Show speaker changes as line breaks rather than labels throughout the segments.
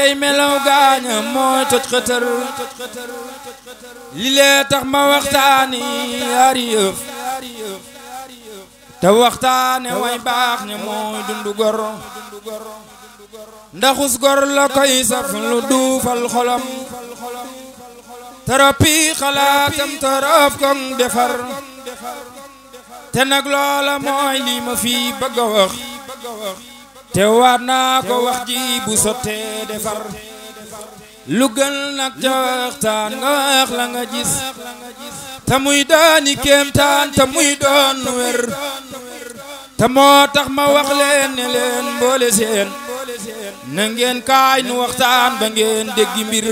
yey melaw gaaña mooy toj xëtër li lee tax ma waxtaani yaari yëf te waxtaane way baax ña mooy dundu gor ndaxus gor la koy saf lu duufal xolam tërëppi xalaatam tërëp kon defar te nag loola mooy li ma fi bëgg a te waat naa ko wax ji bu sottee defar lu gën nag ca waxtaan nga la nga gis te muy daani kéemtaan te muy doon wér te moo tax ma wax leen ne leen mboole seen na ngeen kaay nu waxtaan ba ngeen déggi mbir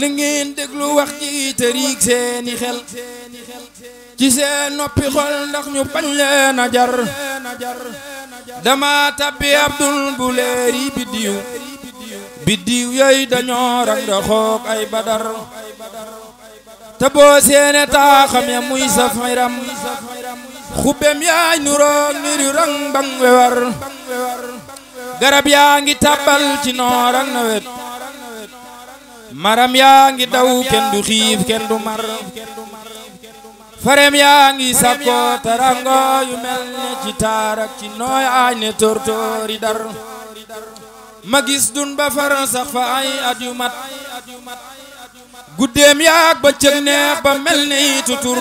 na ngeen déglu wax ji te riig seeni xel ci seen noppi xol ndax ñu bañ leen a jar dama tabbi abdul bu leeri biddiw biddiw yooyu dañoo da xoog ay badar te boo seene taaxam ya muy safiram xubbem yaay nuroog niru rang bang wewar garab yaa ngi tàbbal ci noorang na wet maram yaa ngi daw kenn du xiif kenn du mar farem yaa ngi sakkoo tarango yu mel ne ci taarak ci nooy aaj ne tortoori dar ma gis dun ba fara sax fa ay at mat guddeem yaag ba cëg neex ba mel ne i tutur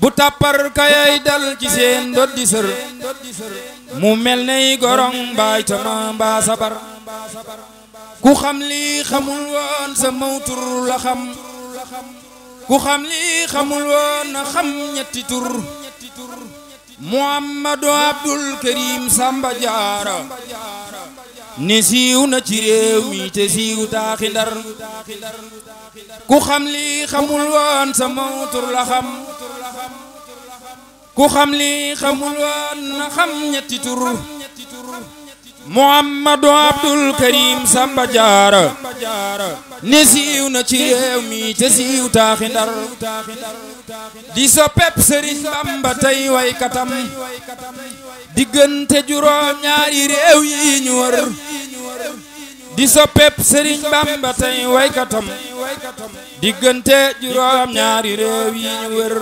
bu tappar kayay dal ci seen dot di sër mu mel ne gorong mbaay tama mbaa sabar ku xam lii xamul woon sa mawtur la xam ku xam lii xamul woon na xam ñetti tur Muhammadu Abdul Karim Samba Diarra ne siiw na ci réew mi te siiw taaxi Ndar ku xam lii xamul woon sama tur la xam ku xam lii xamul woon na xam ñetti tur muhammadu abdul karim samba jaara ne siiw na ci réew mi te siiw taaxi ndar di so pep sëriñ bamba tey waykatam di so pep sëriñ bamba tey waykatam diggante juróom ñaari réew yi ñu wër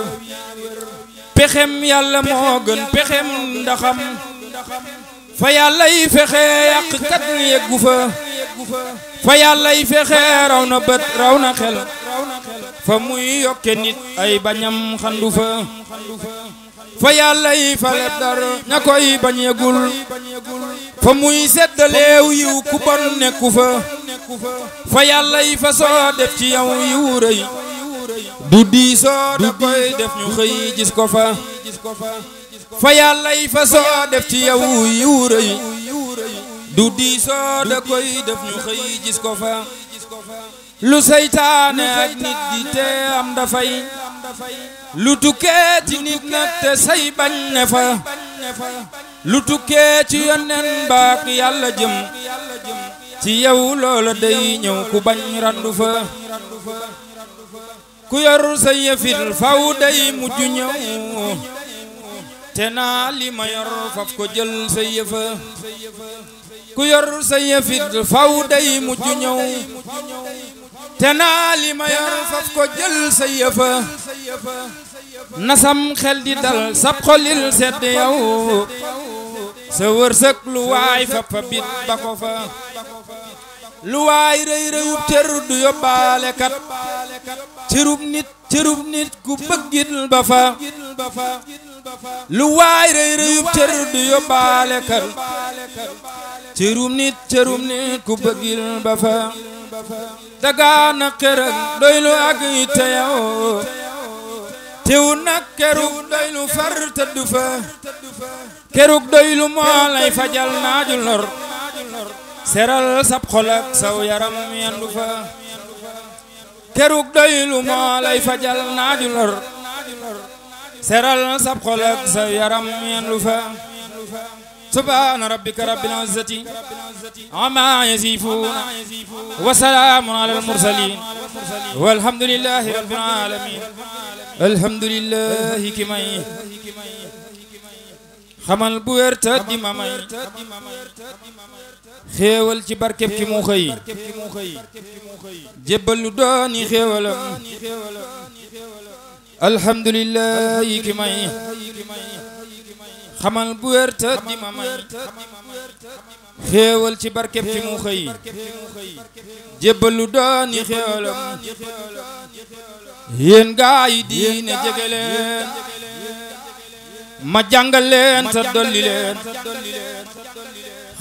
pexem yàlla moo gën pexem ndaxam fa yàlla yi fexe yàq kat yeggu fa fa yàlla yi fexe raw na bët raw na xel fa muy yokke nit ay bañam xandu fa fa yàlla yi fa leb ña koy bañ fa muy seddaleew yiw ku bon nekku fa fa yàlla yi fa soo def ci yow yiw rëy du diisoo da koy def ñu xëy gis ko fa fa yàllay fa soo def ci yow yu rëy du diisoo da koy def ñu xëy gis ko fa lu seytaane ak nit di te am dafay lu tukkee ci nit nag te say bañ ne fa lu tukkee ci yónneen baak yàlla jëm ci yow loola day ñëw ku bañ randu fa ku yor sa yëfit faw day mujj ñëw te li ma yor faf ko jël sa yëfa ku yor sa yëfit faw day mujj ñëw te li ma yor faf ko jël sa yëfa nasam xel di dal sab xolil sedd yow sa wërsëg lu waay fa fa bit ba ko fa lu waay rëy rëyub cër du yóbbaale kat cërub nit ku bëggit ba fa lu waay rëy rëyub cër du yóbbaale kër cërum nit cërum nit ku bëggil ba fa dagaana kër ak doylu ak yitte yow tewu nag kerug doylu far tëdd fa kerug doylu moo lay fajal naaju lor seral sab xol saw yaram yendu fa kerug doylu moo lay fajal naaju lor seral sab xol ak sa yaram yan lu fa subhaana rabbika rabbil izzati amma yasifuuna wa salaamun alal mursaliin walhamdulillahi rabbil aalamiin alhamdulillahi ki may xamal bu wér te di ma may xéewal ci barkeb ki mu xëy jébbal lu dooni xéewalam alhamdulilah yi ki may xamal bu wér di ma may xéewal ci barkeb ci mu xëy jébbalu doon yi xéewalam yéen gaa yi diine jege leen ma jàngal leen te dolli leen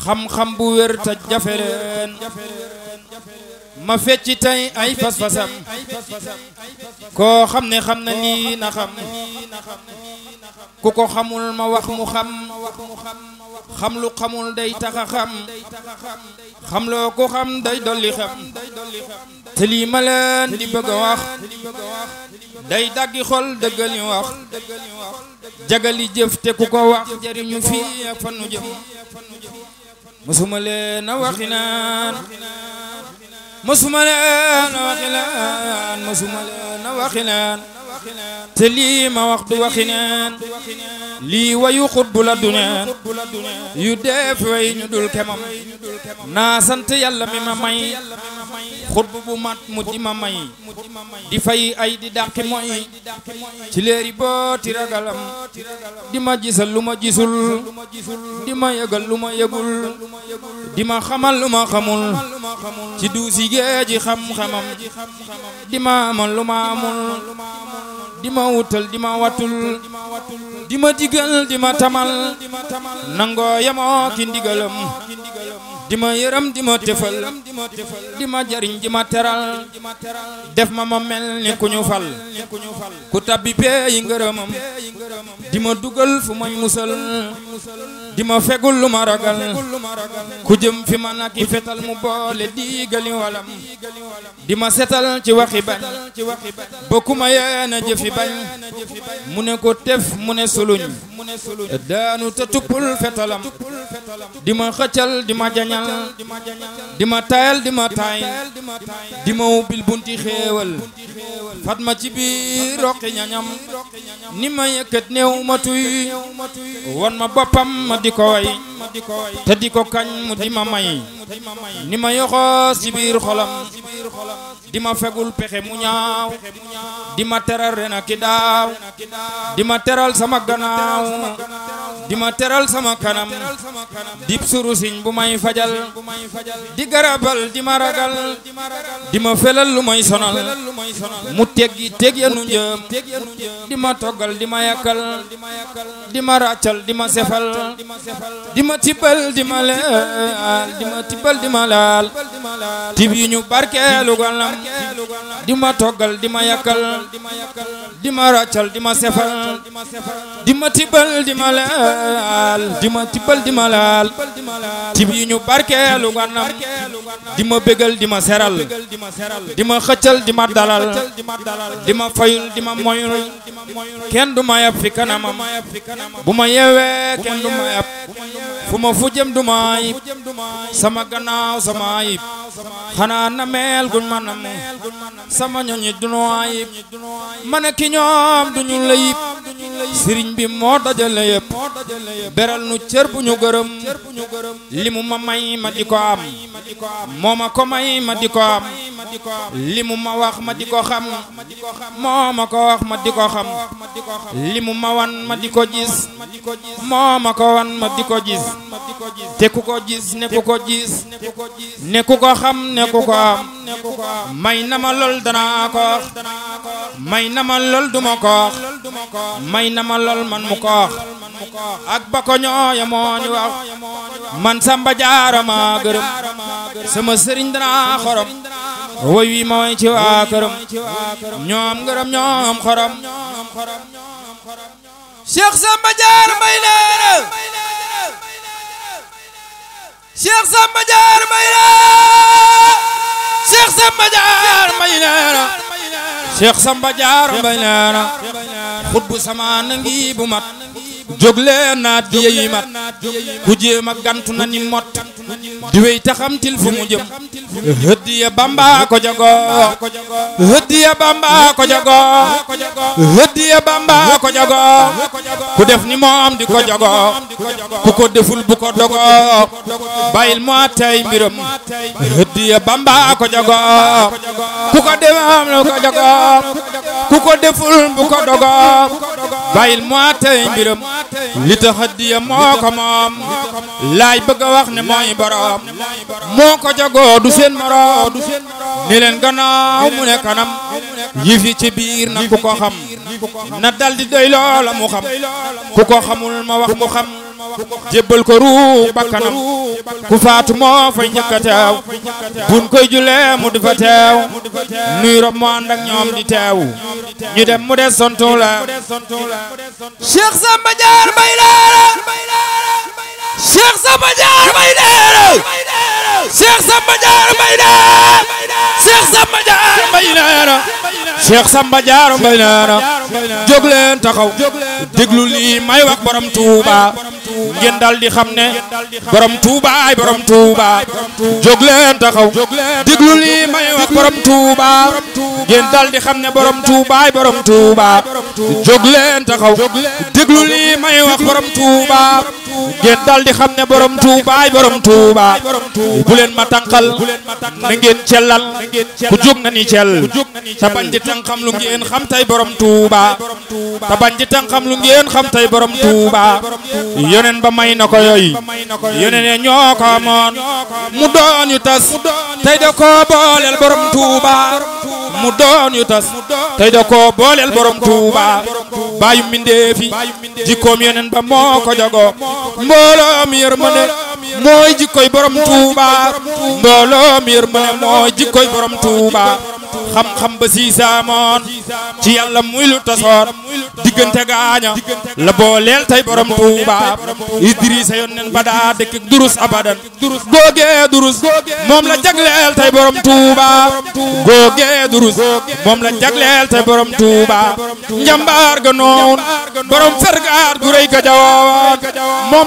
xam-xam bu wér jafe leen ma fecci tey ay fas-fasam koo xam ne xam na lii na xam ku ko xamul ma wax mu xam xam lu xamul day taxa xam xam loo ko xam day dolli xam te lii ma leen di bëgg a wax day daggi xol dëggali wax jagali jëf te ku ko wax jariñu fii ak fan mësuma leen a waxi naan masuma leen a waxi leen masuma leen a waxi leen te lii ma wax du waxi neen lii wayu xutbu la du neen yu def way ñu dul kemam naa sant yàlla mi ma may xutbu bu mat mu di ma may di fay ay di dàqi moy ci leeri booti ragalam di ma gisal lu ma gisul di ma yëgal lu ma yëgul di ma xamal lu ma xamul ci duusi géeji xam-xamam di ma amal lu ma amul di ma wutal di ma watul di ma digal di ma tamal nangoo yemoo ki ndigalam di ma yërëm di ma tëfal di ma jariñ di ma teral def ma ma mel ni ku ñu fal ku tabbi pee yi ngërëmam di ma dugal fu mañ musal di ma fegul lu ma ragal ku jëm fi man ak i fetal mu boole diigali walam di ma setal ci waxi bañ bokkuma yeena jëfi bañ mu ne ko tef mu ne suluñ daanu te tuppul fetalam di ma xëccal di ma jañal di ma tayal di ma taay di ma ubbil bunti xéewal fat ma ci biir roqi ñañam ni ma yëkkat néew ma tuy won ma boppam ma di ko way te di ko kañ mu di ma may ni ma yoxoos ci biir xolam di ma fegul pexe mu ñaaw di ma teral rena ki daaw di ma teral sama gannaaw di ma teral sama kanam dib surusiñ bu may fajal di garabal di ma ragal di ma felal lu may sonal mu teggi teg yanu di ma toggal di ma yakkal di ma ràccal di ma sefal di ma tibbal di ma leeral di ma tibbal di ma laal tib yi ñu barkeelu galam di ma toggal di ma yakkal di ma raccal di ma sefal di tibbal di ma laal di ma yi ñu barkeelu galam di ma bégal di ma seral di ma xëccal di ma dalal di ma fayul di ma moyul kenn du ma yab fi kanamam bu ma yeewee kenn du ma yab fu ma fu jëm du ma gannaaw sama ayib xanaa na meel guñ ma namu sama ñoñi dunu ma ne ki ñoom duñu layib sëriñ bi moo dajale yëpp beral nu cër bu ñu gërëm li mu ma may ma di ko am moo ma ko may ma di ko am li mu ma wax ma di ko xam moo ma ko wax ma di ko xam li ma wan ma di ko gis moo ma ko wan ma di ko gis te ku ko gis ne ku ko gis ne ku ko xam ne ku ko am may na ma lool danaa ko wax may na ma lool duma ko wax may na ma lool man mu ko wax ak ba ko ñooya moo ni wax man Samba Jaara maa gërëm sama sëriñ danaa xorom woy wi mooy ci waa këram ñoom ngërëm ñoom xorom Cheikh Samba Diar Mbaye neena Cheikh Samba Diar Mbaye neena Cheikh Samba Diar Mbaye ngi bu mat jóglee naat di yeyi mat ku jéem a gantu na ni mot di wey taxamtil fu mu jëm hëddiya bamba ko jago hëddiya bamba ko bamba ko jago ku def ni moom di ko jago ku ko deful bu ko dogo bàyyil moo tey mbiram hëddiya bamba ko jago ku ko deful bu ko dogo bàyyil moo tey mbiram li tax diya moo ko moom laay bëgg a wax ne mooy borom moo ko jagoo du seen morom ni leen gannaaw mu ne kanam yi fi ci biir na ku ko xam na dal di doy loola mu xam ku ko xamul ma wax mu xam jébbal ko ruu bakkanam ku faatu moo fay njëkk a teew buñ koy julee mu di fa teew nuy rob moo ànd ñoom di teew ñu dem mu des sontu la Cheikh Samba Diar Mbaye Leera Cheikh Samba Diar Mbaye Leera Samba Diar Mbaye Leera Cheikh Samba Cheikh Samba Diarra Mbaye nee na jóg leen taxaw déglu lii may wax borom Touba ngeen dal di xam ne borom Touba ay borom Touba jóg leen taxaw déglu lii may wax borom Touba ngeen dal di xam ne borom Touba ay borom Touba jóg leen taxaw déglu lii may wax borom Touba ngeen dal di xam ne borom Touba ay borom Touba bu leen ma tànqal na ngeen cellal ku jóg na ni cell sa bañ di tànqal tànqam lu ngeen xam tey borom Touba te bañ ci tànqam lu ngeen xam tey borom Touba yoneen ba may na ko yooyu yoneen ñoo ko amoon mu doon yu tas tey da koo booleel borom Touba mu doon yu tas tey da koo booleel borom Touba baayu mbindee fi jikkoom yoneen ba moo ko jogo mbooloo mi yërmande mooy jikkoy borom Touba mbooloo mi yërmande mooy jikkoy borom Touba xam-xam ba siisaamoon ci yàlla muy lu tasoon diggante gaaña la booleel tey borom Touba Idrissa yoon nen ba daa dëkk durus abadan googee durus moom la jagleel tey borom Touba googee durus moom la jagleel tey borom Touba njambaar ga noon borom fergaar gu rëy ga jawoon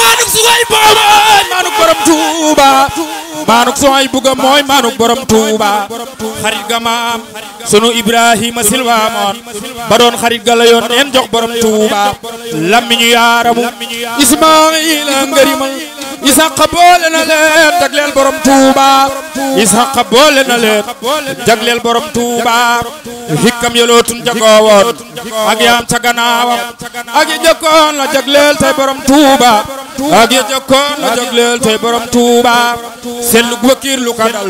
maanuk suway borom maanuk borom Touba maanuk suway borom Touba xarit ga maam sunu Ibrahima Silva moon xarit ga la yoon neen jox borom Touba lammiñu yaaramu Ismaila ngarimal Isaqa boole na leen jagleel borom Touba Isaqa boole na leen jagleel borom Touba hikkam yolootun jagoo woon ak yaam ca gannaawam ak yi jëkkoon la jagleel tey borom Touba. ak ya jokkoon na jagleel tey borom Touba seetlu wakiirlu ko dal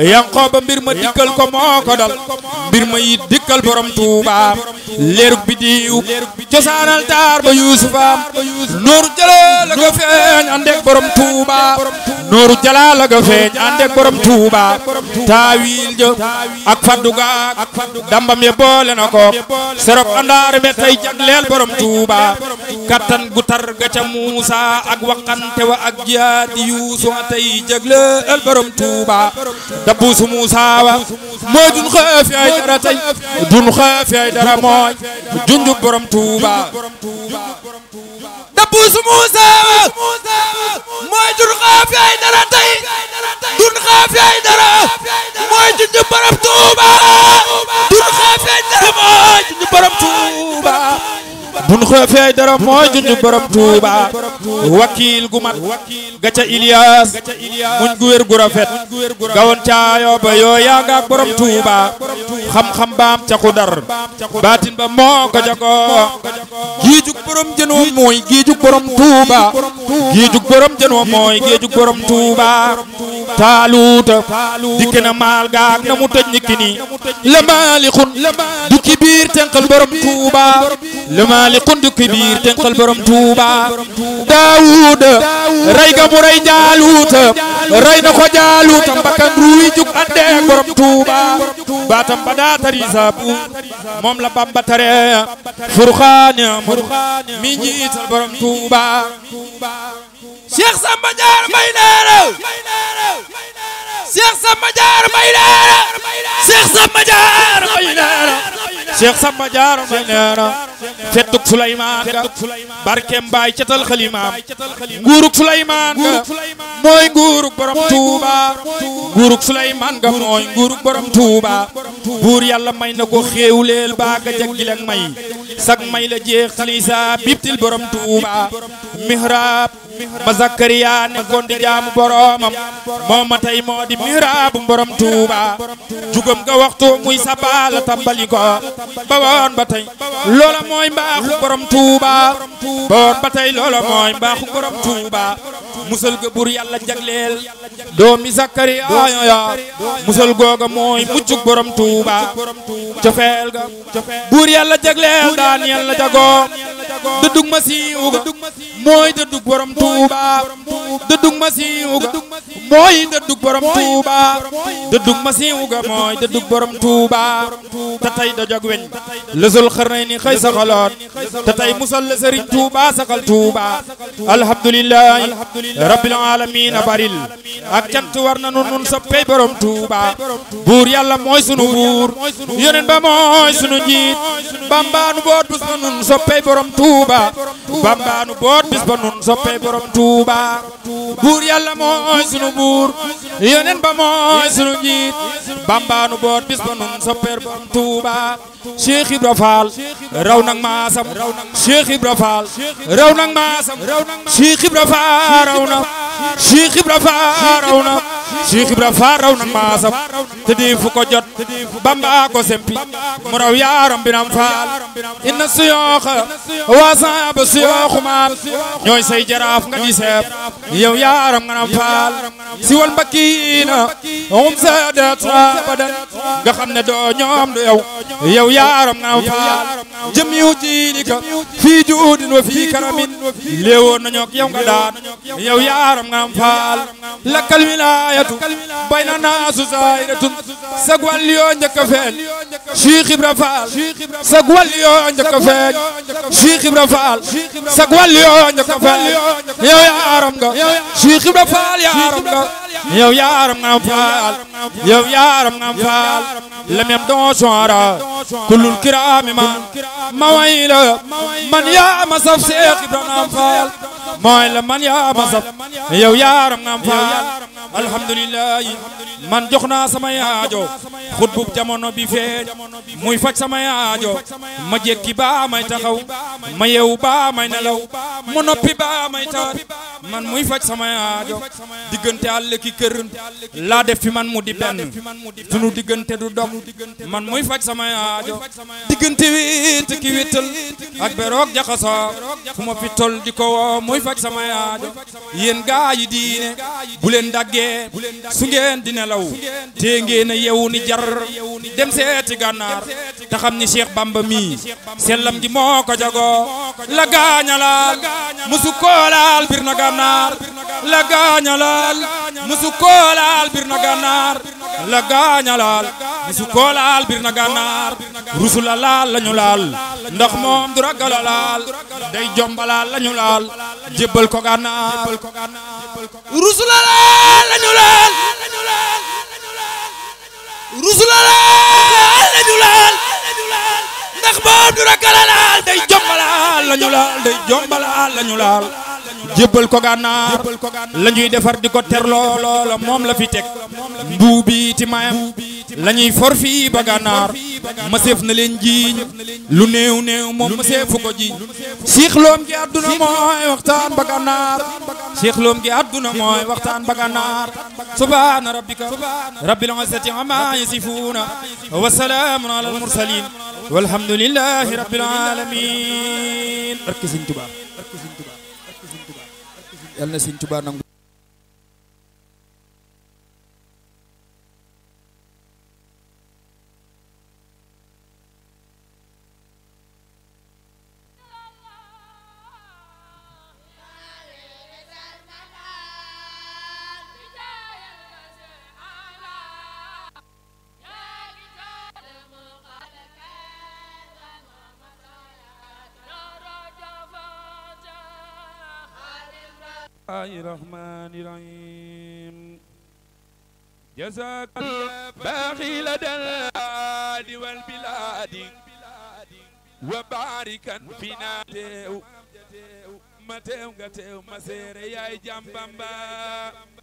yanqoo mbir ma dikkal ko moo ko dal mbir ma yit dikkal borom Touba leerug bi diiw cosaanal taar ba Yuusufa nooru jalaal la ko feeñ ànd ak borom Touba nooru jalaal la ko feeñ ànd ak borom Touba taawiil ja ak faddu ga dambam ya boole na ko serok andaar me tey jagleel borom Touba kattan gu ga ca Muusa ak waxante wa ak jihaati yuusu tey jagleel borom Tuuba dabbuusu Muusaa wa moo dun xaafi ay dara tey dun xaafi ay dara mooy junjub borom Tuuba dabbuusu Muusaa wa mooy dun xaafi ay dara tey dun xaafi ay dara mooy junjub borom Tuuba dun xaafi ay dara mooy junjub borom Tuuba bun xëfee dara mooy junj borom Touba wakiil gu mat gaca Ilias muñ gu wér gu rafet gawoon caayoo ba yoo yaa nga ak borom Touba xam-xam baam ca ku baatin ba moo ko jagoo giijug borom jënoo mooy giijug borom Touba giijug borom jënoo mooy giijug borom Touba taaluuta dikk na maal gaag na mu tëj ñikki nii la maalikun du ki du ki biir tenqal borom tuuba daawuda rey ga mu rey jaaluuta rey na ko jaaluuta mbakkan ruuy jug andee borom tuuba baatam ba daa tari la bamba tare furxaani amur mi njiital borom tuuba Cheikh Samba Diarra Mbaye Leral Cheikh Samba Diarra Mbaye Leral Cheikh Samba Diarra baay catal xalimaam nguurug Souleymane ga mooy nguurug borom Touba nguurug Souleymane ga mooy nguurug borom Touba buur yàlla may na ko xéewleel baa ga jagleel may sag may la jeex tali saa bibtil borom Touba mihrab ma Zakariya nekkoon di jaamu boromam moo ma tey moo di mihrabu borom Touba jugam nga waxtu muy saba la tàmbali ko ba woon ba tey loola mooy mbaaxu borom Touba ba woon ba tey loola mooy mbaaxu borom Touba musal ga bur yàlla jagleel doomi Zakariya ya musal googa mooy muccug borom Touba cofeel ga bur yàlla jagleel daan yàlla dëddug masiiwu ga mooy dëddug borom tuuba dëddug masiiwu ga mooy dëddug borom tuuba dëddug masiiwu ga mooy dëddug borom tuuba te tey dajog weñ lësul xarnayni xëy sa xalaat te tey musal la sëriñ tuuba saxal tuuba alhamdulilahi rabbil alamin baril ak cant war na nun nun soppey borom tuuba buur yàlla mooy sunu buur yonen ba mooy sunu njiit bambaanu boot bus na nun soppey borom tuuba Touba Bamba nu boot bis ba nun soppey borom Touba buur yàlla mooy sunu buur yoneen ba mooy sunu njiit Bamba nu boot bis ba nun soppey borom Touba Cheikh maasam Cheikh Ibra Fall raw maasam Cheikh Ibra Fall raw na Cheikh Ibra Fall raw Cheikh Ibra Faal raw na maasam te di fu ko jot Bamba ko sempi mu raw yaaram binam faal inna suyooxa waasaaba suyooxu maal ñooy say jaraaf nga di seeb yow yaaram nga nam faal si wal mbakkiina um saada abadan nga xam ne doo ñoom du yow yaaram nga nam faal jamiu jiidika fii juudin wa fii karamin léewoon nañu ak nga nam faal lakkal wilaaya kalminatu bay na naasu zaahiratun sag wàll yoo njëkk a feeñ Cheikh Ibra Fall sag wàll yoo njëkk a feeñ Cheikh Ibra Fall sag wàll yoo njëkk a feeñ yow yaaram nga Cheikh Ibra Fall yaaram nga yow yaaram nga faal yow yaaram nga faal lam yam doo soara kullul kiraami ma ma wayla man yaa ma saf Cheikh Ibra Fall mooy la man yaa ma saf yow yaaram nga am faal alhamdulilah man jox naa sama yaajo xutbub jamono bi feeñ muy faj sama yaajo ma jékki baa may taxaw ma yew baa may nelaw mu noppi baa may taat man muy faj sama yaajo diggante àll ki kër laa def fi man mu di benn sunu diggante du dog man muy faj sama yaajo diggante witt ki wittal ak beroog jaxasoo fu ma fi tol di ko woo faj sama yaajo yéen gaa yi diine bu leen daggee su ngeen di nelaw te ngeen a yeewu ni jar dem seeti gànnaar te xam ni Cheikh Bamba mii sellam gi moo ko jagoo la gaañalaal musu koolaal bir na gànnaar la gaañalaal musu koolaal bir na gànnaar la gaañalaal musu koolaal bir na gànnaar rusu la laal lañu laal ndax moom du ragal a laal day jombalaal lañu laal jébbal ko gànnaar rusu la laal du ragal laal day jombalaal lañu laal day jombalaal lañu laal jébbal ko ga gànnaar la ñuy defar di ko terloo loola moom la fi teg mbuubi ti mayam la ñuy for fii ba gànnaar maseef na leen jiiñ lu néew néew moom maseefu ko jiiñ siixloom gi àdduna mooy waxtaan ba gànnaar loom gi àdduna mooy waxtaan ba gànnaar subhaana rabbika rabbil izzati ammaa yasifuuna wa salaamun alal mursaliin walhamdulillahi rabbil aalamiin barke Sëñ Tuubaa yal na nangu الرحمن الرحيم جزاك باقي لدى الأهل والبلاد وباركا فينا متى متى مسير يا جنبamba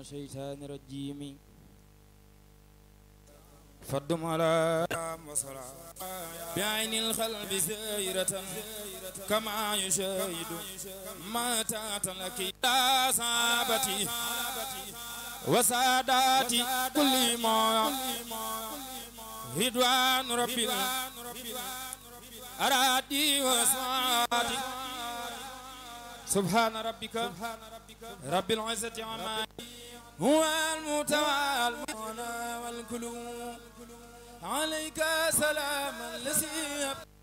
الشيطان الرجيم فدم على مصرع بعين القلب سيرة كما يشاهد ما تعتلك لا صابتي وساداتي كل ما هدوان ربي أرادي وسادي سبحان ربك رب العزة عما هو المتعال والكل عليك سلام الذي